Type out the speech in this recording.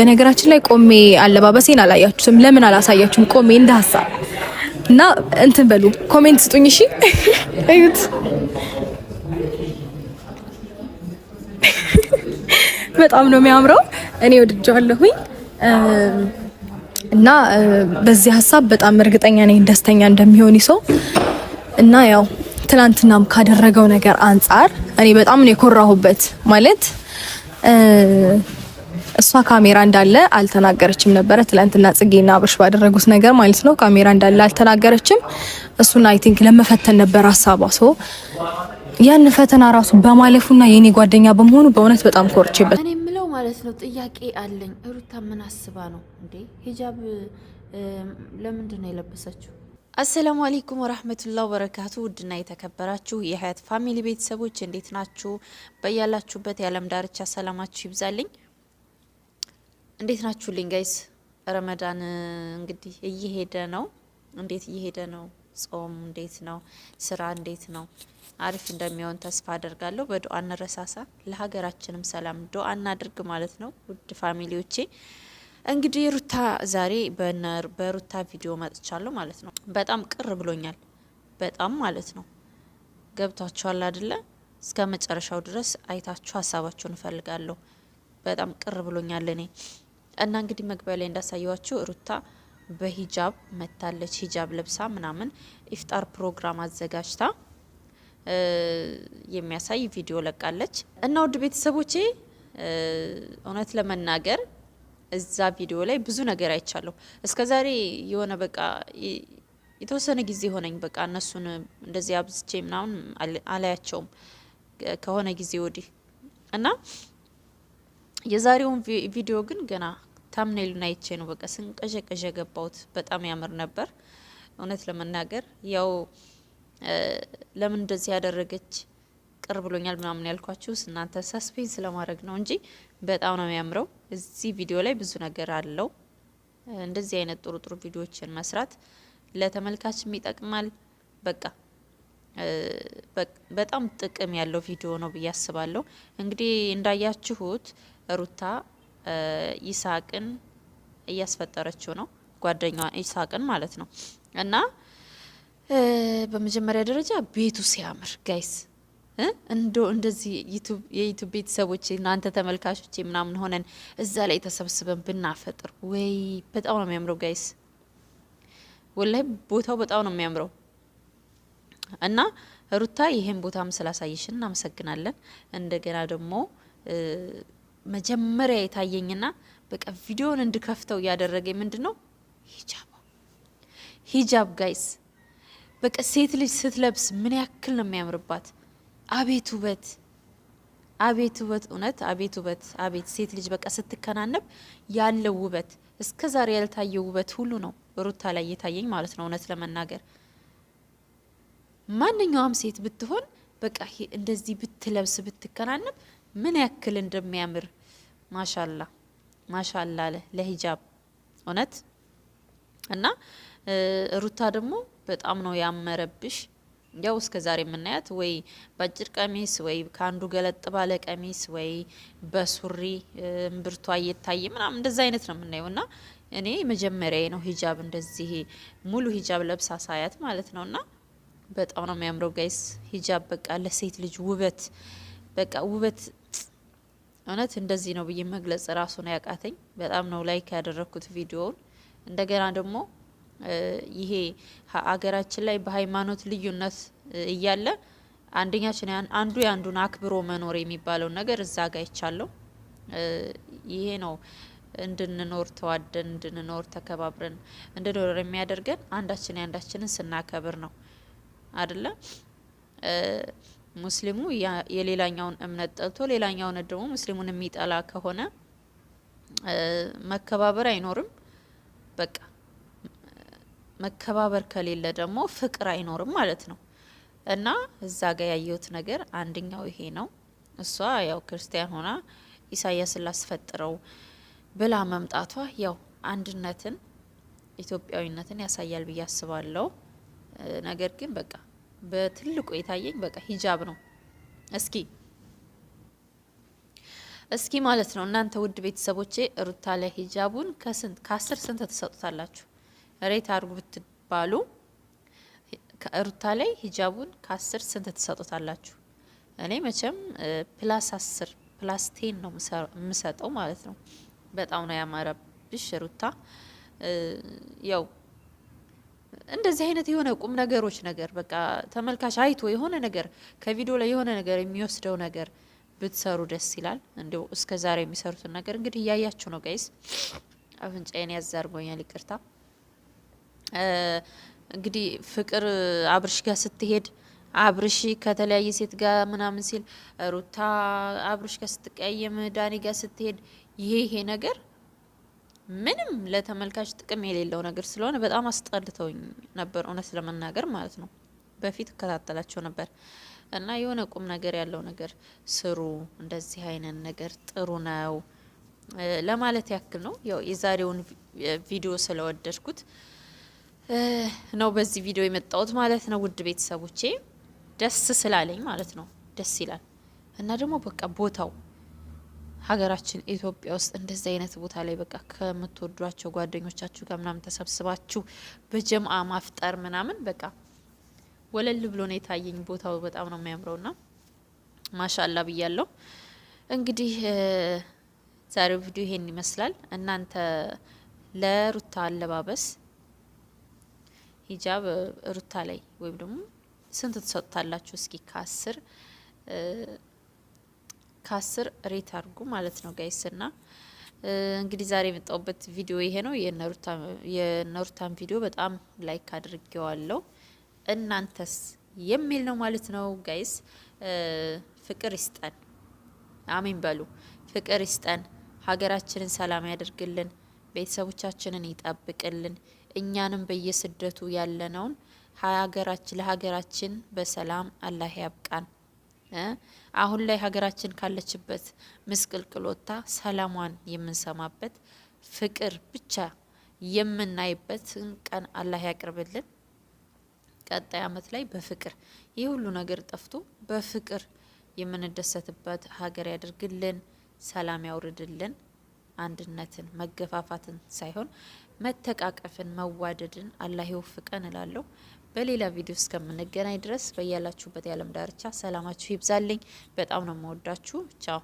በነገራችን ላይ ቆሜ አለባበሴን አላያችሁትም። ለምን አላሳያችሁም? ቆሜ እንደ ሀሳብ እና እንትን በሉ ኮሜንት ስጡኝ። እሺ እዩት። በጣም ነው የሚያምረው። እኔ ወድጀዋለሁኝ እና በዚህ ሀሳብ በጣም እርግጠኛ ነኝ ደስተኛ እንደሚሆን ሰው እና ያው ትናንትናም ካደረገው ነገር አንጻር እኔ በጣም ነው የኮራሁበት ማለት እሷ ካሜራ እንዳለ አልተናገረችም ነበረ። ትላንትና ጽጌና አብርሽ ባደረጉት ነገር ማለት ነው። ካሜራ እንዳለ አልተናገረችም። እሱን አይ ቲንክ ለመፈተን ነበር ሀሳቧ። ሰው ያን ፈተና ራሱ በማለፉና የኔ ጓደኛ በመሆኑ በእውነት በጣም ኮርቼበት እኔ የምለው ማለት ነው። ጥያቄ አለኝ። ሩታ ምን አስባ ነው እንዴ? ሂጃብ ለምንድን ነው የለበሰችው? አሰላሙ አለይኩም ወራህመቱላሂ ወበረካቱ። ውድና የተከበራችሁ የሀያት ፋሚሊ ቤተሰቦች እንዴት ናችሁ? በያላችሁበት የዓለም ዳርቻ ሰላማችሁ ይብዛልኝ። እንዴት ናችሁልኝ ጋይስ? ረመዳን እንግዲህ እየሄደ ነው። እንዴት እየሄደ ነው? ጾም እንዴት ነው? ስራ እንዴት ነው? አሪፍ እንደሚሆን ተስፋ አደርጋለሁ። በዱአ እንረሳሳ፣ ለሀገራችንም ሰላም ዱአ እናድርግ ማለት ነው። ውድ ፋሚሊዎቼ እንግዲህ ሩታ ዛሬ በሩታ ቪዲዮ መጥቻለሁ ማለት ነው። በጣም ቅር ብሎኛል። በጣም ማለት ነው። ገብቷችኋል አይደለ እስከ መጨረሻው ድረስ አይታችሁ ሀሳባችሁን እፈልጋለሁ። በጣም ቅር ብሎኛል እኔ እና እንግዲህ መግቢያ ላይ እንዳሳየዋችሁ ሩታ በሂጃብ መታለች። ሂጃብ ለብሳ ምናምን ኢፍጣር ፕሮግራም አዘጋጅታ የሚያሳይ ቪዲዮ ለቃለች። እና ውድ ቤተሰቦቼ እውነት ለመናገር እዛ ቪዲዮ ላይ ብዙ ነገር አይቻለሁ። እስከ ዛሬ የሆነ በቃ የተወሰነ ጊዜ ሆነኝ በቃ እነሱን እንደዚህ አብዝቼ ምናምን አላያቸውም ከሆነ ጊዜ ወዲህ እና የዛሬውን ቪዲዮ ግን ገና ታምኔሉን አይቼ ነው በቃ ስንቀዠቀዥ የገባሁት። በጣም ያምር ነበር እውነት ለመናገር ያው ለምን እንደዚህ ያደረገች ቅር ብሎኛል ምናምን ያልኳችሁ እናንተ ሰስፔንስ ስለማድረግ ነው እንጂ በጣም ነው የሚያምረው። እዚህ ቪዲዮ ላይ ብዙ ነገር አለው። እንደዚህ አይነት ጥሩ ጥሩ ቪዲዮዎችን መስራት ለተመልካችም ይጠቅማል። በቃ በጣም ጥቅም ያለው ቪዲዮ ነው ብዬ አስባለሁ። እንግዲህ እንዳያችሁት ሩታ ይስሐቅን እያስፈጠረችው ነው፣ ጓደኛዋ ይስሐቅን ማለት ነው። እና በመጀመሪያ ደረጃ ቤቱ ሲያምር ጋይስ እንዶ እንደዚህ የዩቱብ ቤተሰቦች እናንተ ተመልካቾች ምናምን ሆነን እዛ ላይ ተሰብስበን ብናፈጥር ወይ በጣም ነው የሚያምረው ጋይስ። ወላይ ቦታው በጣም ነው የሚያምረው እና ሩታ ይሄን ቦታም ስላሳየሽን እናመሰግናለን። እንደገና ደግሞ መጀመሪያ የታየኝና በቃ ቪዲዮን እንድከፍተው እያደረገኝ ምንድን ነው ሂጃብ ሂጃብ ጋይስ በቃ ሴት ልጅ ስትለብስ ምን ያክል ነው የሚያምርባት! አቤት ውበት፣ አቤት ውበት፣ እውነት አቤት ውበት፣ አቤት ሴት ልጅ በቃ ስትከናነብ ያለው ውበት እስከ ዛሬ ያልታየው ውበት ሁሉ ነው ሩታ ላይ እየታየኝ ማለት ነው። እውነት ለመናገር ማንኛውም ሴት ብትሆን በቃ እንደዚህ ብትለብስ ብትከናነብ ምን ያክል እንደሚያምር ማሻላ ማሻላ አለ ለሂጃብ እውነት እና ሩታ ደግሞ በጣም ነው ያመረብሽ። ያው እስከ ዛሬ የምናያት ወይ በአጭር ቀሚስ ወይ ከአንዱ ገለጥ ባለ ቀሚስ ወይ በሱሪ እምብርቷ እየታየ ምናምን እንደዛ አይነት ነው የምናየው። እና እኔ መጀመሪያ ነው ሂጃብ እንደዚህ ሙሉ ሂጃብ ለብሳ ሳያት ማለት ነው። እና በጣም ነው የሚያምረው ጋይስ ሂጃብ በቃ ለሴት ልጅ ውበት በቃ ውበት እውነት እንደዚህ ነው ብዬ መግለጽ ራሱን ያቃተኝ። በጣም ነው ላይክ ያደረግኩት ቪዲዮውን። እንደገና ደግሞ ይሄ ሀገራችን ላይ በሃይማኖት ልዩነት እያለ አንደኛችን አንዱ የአንዱን አክብሮ መኖር የሚባለውን ነገር እዛ ጋ ይሄ ነው እንድንኖር ተዋደን እንድንኖር ተከባብረን እንድንኖር የሚያደርገን አንዳችን የአንዳችንን ስናከብር ነው አደለም? ሙስሊሙ የሌላኛውን እምነት ጠልቶ ሌላኛውን ደግሞ ሙስሊሙን የሚጠላ ከሆነ መከባበር አይኖርም። በቃ መከባበር ከሌለ ደግሞ ፍቅር አይኖርም ማለት ነው። እና እዛ ጋ ያየሁት ነገር አንደኛው ይሄ ነው። እሷ ያው ክርስቲያን ሆና ኢሳያስን ላስፈጥረው ብላ መምጣቷ ያው አንድነትን ኢትዮጵያዊነትን ያሳያል ብዬ አስባለሁ። ነገር ግን በቃ በትልቁ የታየኝ በቃ ሂጃብ ነው። እስኪ እስኪ ማለት ነው እናንተ ውድ ቤተሰቦቼ ሩታ ላይ ሂጃቡን ከስንት ከአስር ስንት ትሰጡታላችሁ? ሬት አድርጉ ብትባሉ ሩታ ላይ ሂጃቡን ከአስር ስንት ትሰጡታላችሁ? እኔ መቼም ፕላስ አስር ፕላስ ቴን ነው የምሰጠው ማለት ነው። በጣም ነው ያማረብሽ ሩታ ያው እንደዚህ አይነት የሆነ ቁም ነገሮች ነገር በቃ ተመልካች አይቶ የሆነ ነገር ከቪዲዮ ላይ የሆነ ነገር የሚወስደው ነገር ብትሰሩ ደስ ይላል። እንዲሁ እስከ ዛሬ የሚሰሩትን ነገር እንግዲህ እያያችሁ ነው ጋይስ። አፍንጫዬን ያዝ አድርጎኛል፣ ይቅርታ። እንግዲህ ፍቅር አብርሽ ጋር ስትሄድ አብርሽ ከተለያየ ሴት ጋር ምናምን ሲል ሩታ አብርሽ ጋር ስትቀያየም ዳኒ ጋር ስትሄድ ይሄ ይሄ ነገር ምንም ለተመልካች ጥቅም የሌለው ነገር ስለሆነ በጣም አስጠልተውኝ ነበር፣ እውነት ለመናገር ማለት ነው። በፊት እከታተላቸው ነበር እና የሆነ ቁም ነገር ያለው ነገር ስሩ፣ እንደዚህ አይነት ነገር ጥሩ ነው ለማለት ያክል ነው። ያው የዛሬውን ቪዲዮ ስለወደድኩት ነው በዚህ ቪዲዮ የመጣሁት ማለት ነው። ውድ ቤተሰቦቼ ደስ ስላለኝ ማለት ነው። ደስ ይላል እና ደግሞ በቃ ቦታው ሀገራችን ኢትዮጵያ ውስጥ እንደዚህ አይነት ቦታ ላይ በቃ ከምትወዷቸው ጓደኞቻችሁ ጋር ምናምን ተሰብስባችሁ በጀምአ ማፍጠር ምናምን በቃ ወለል ብሎ ነው የታየኝ። ቦታው በጣም ነው የሚያምረውና ማሻላ ብያለው። እንግዲህ ዛሬው ቪዲዮ ይሄን ይመስላል። እናንተ ለሩታ አለባበስ ሂጃብ ሩታ ላይ ወይም ደግሞ ስንት ትሰጡታላችሁ? እስኪ ከአስር ከአስር ሬት አድርጉ ማለት ነው ጋይስ ና እንግዲህ ዛሬ የመጣውበት ቪዲዮ ይሄ ነው። የነሩታን ቪዲዮ በጣም ላይክ አድርጌዋለሁ። እናንተስ የሚል ነው ማለት ነው ጋይስ። ፍቅር ይስጠን፣ አሚን በሉ። ፍቅር ይስጠን፣ ሀገራችንን ሰላም ያደርግልን፣ ቤተሰቦቻችንን ይጠብቅልን፣ እኛንም በየስደቱ ያለነውን ለሀገራችን በሰላም አላህ ያብቃን። አሁን ላይ ሀገራችን ካለችበት ምስቅልቅሎታ ሰላሟን የምንሰማበት ፍቅር ብቻ የምናይበትን ቀን አላህ ያቅርብልን። ቀጣይ አመት ላይ በፍቅር ይህ ሁሉ ነገር ጠፍቶ በፍቅር የምንደሰትበት ሀገር ያደርግልን፣ ሰላም ያውርድልን። አንድነትን መገፋፋትን ሳይሆን መተቃቀፍን መዋደድን አላህ ይወፍቀን እላለሁ። በሌላ ቪዲዮ እስከምንገናኝ ድረስ በያላችሁበት የዓለም ዳርቻ ሰላማችሁ ይብዛልኝ። በጣም ነው የምወዳችሁ። ቻው